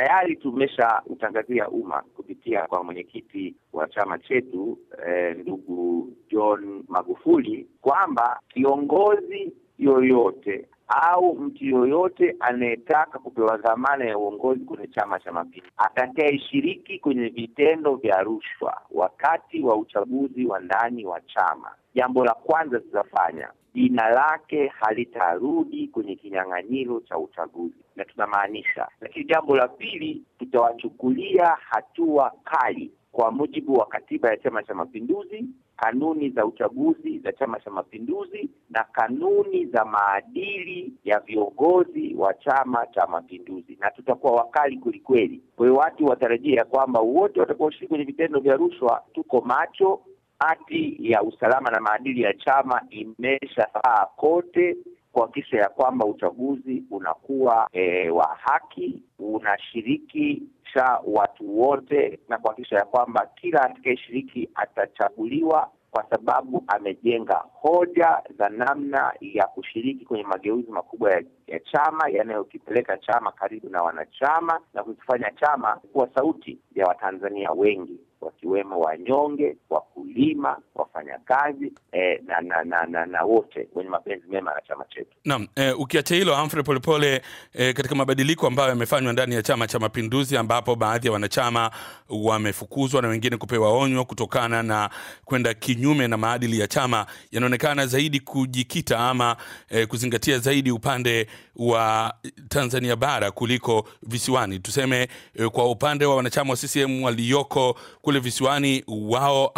tayari tumeshautangazia umma kupitia kwa mwenyekiti wa chama chetu eh, ndugu John Magufuli kwamba kiongozi yoyote au mtu yoyote anayetaka kupewa dhamana ya uongozi kwenye Chama cha Mapinduzi atakayeshiriki kwenye vitendo vya rushwa wakati wa uchaguzi wa ndani wa chama, jambo la kwanza tutafanya, jina lake halitarudi kwenye kinyang'anyiro cha uchaguzi, na tunamaanisha. Lakini jambo la pili, tutawachukulia hatua kali kwa mujibu wa katiba ya Chama cha Mapinduzi, kanuni za uchaguzi za Chama cha Mapinduzi na kanuni za maadili ya viongozi wa Chama cha Mapinduzi, na tutakuwa wakali kwelikweli. Kwa hiyo watu watarajia ya kwamba wote watakaoshiriki kwenye vitendo vya rushwa, tuko macho. Hati ya usalama na maadili ya chama imeshasaa kote kuhakikisha ya kwamba uchaguzi unakuwa e, wa haki, unashirikisha watu wote, na kuhakikisha ya kwamba kila atakayeshiriki atachaguliwa kwa sababu amejenga hoja za namna ya kushiriki kwenye mageuzi makubwa ya, ya chama yanayokipeleka chama karibu na wanachama na kukifanya chama kuwa sauti ya Watanzania wengi wakiwemo wanyonge, wakulima, wafanyakazi eh, na, na, na, na, na wote wenye mapenzi mema na chama chetu. Naam, eh, ukiacha hilo Humphrey Polepole, eh, katika mabadiliko ambayo yamefanywa ndani ya Chama cha Mapinduzi ambapo baadhi ya wanachama wamefukuzwa na wengine kupewa onyo kutokana na kwenda kinyume na maadili ya chama, yanaonekana zaidi kujikita ama eh, kuzingatia zaidi upande wa Tanzania bara kuliko visiwani, tuseme eh, kwa upande wa wanachama wa CCM walioko kule visiwani wao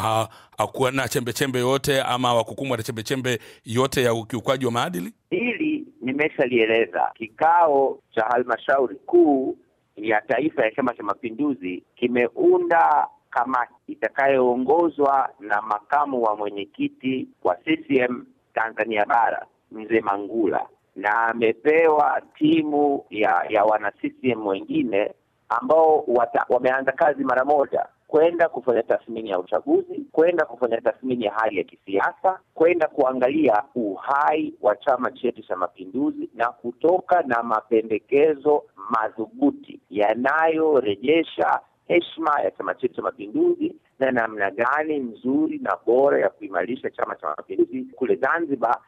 hakuwa na chembechembe yote ama hawakukumbwa na chembechembe yote ya ukiukwaji wa maadili? Hili nimeshalieleza kikao cha halmashauri kuu ya taifa ya Chama cha Mapinduzi kimeunda kamati itakayoongozwa na makamu wa mwenyekiti wa CCM Tanzania Bara Mzee Mangula, na amepewa timu ya ya wana CCM wengine ambao wameanza kazi mara moja kwenda kufanya tathmini ya uchaguzi, kwenda kufanya tathmini ya hali ya kisiasa, kwenda kuangalia uhai wa chama chetu cha mapinduzi na kutoka na mapendekezo madhubuti yanayorejesha heshima ya chama chetu cha mapinduzi na namna gani nzuri na bora ya kuimarisha chama cha mapinduzi kule Zanzibar,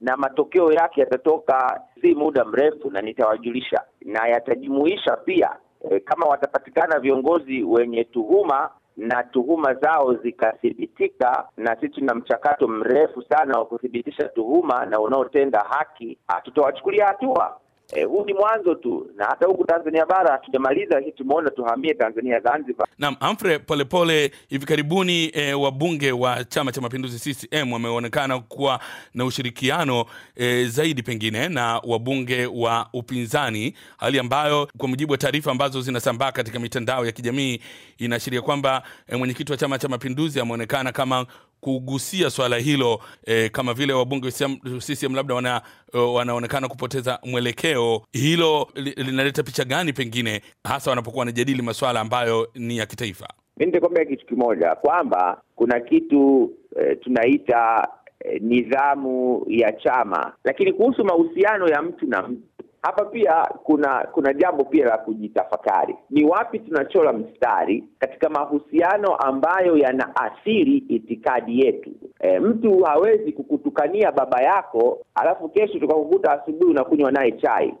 na matokeo yake yatatoka si muda mrefu, na nitawajulisha, na yatajumuisha pia e, kama watapatikana viongozi wenye tuhuma na tuhuma zao zikathibitika, na sisi tuna mchakato mrefu sana wa kuthibitisha tuhuma na unaotenda haki, tutawachukulia hatua. Eh, huu e, ni mwanzo tu, na hata huku Tanzania bara hatujamaliza, lakini tumeona tuhamie Tanzania Zanzibar. Naam, Humphrey Polepole, hivi karibuni e, wabunge wa Chama cha Mapinduzi CCM wameonekana kuwa na ushirikiano e, zaidi pengine na wabunge wa upinzani, hali ambayo kwa mujibu wa taarifa ambazo zinasambaa katika mitandao ya kijamii inaashiria kwamba e, mwenyekiti wa Chama cha Mapinduzi ameonekana kama kugusia swala hilo e, kama vile wabunge CCM labda wana, eh, wanaonekana kupoteza mwelekeo. Hilo linaleta picha gani, pengine hasa wanapokuwa wanajadili masuala ambayo ni ya kitaifa? Mi nitakwambia kitu kimoja kwamba kuna kitu e, tunaita e, nidhamu ya chama, lakini kuhusu mahusiano ya mtu na mtu hapa pia kuna kuna jambo pia la kujitafakari, ni wapi tunachola mstari katika mahusiano ambayo yanaathiri itikadi yetu. E, mtu hawezi kukutukania baba yako alafu kesho tukakukuta asubuhi unakunywa naye chai.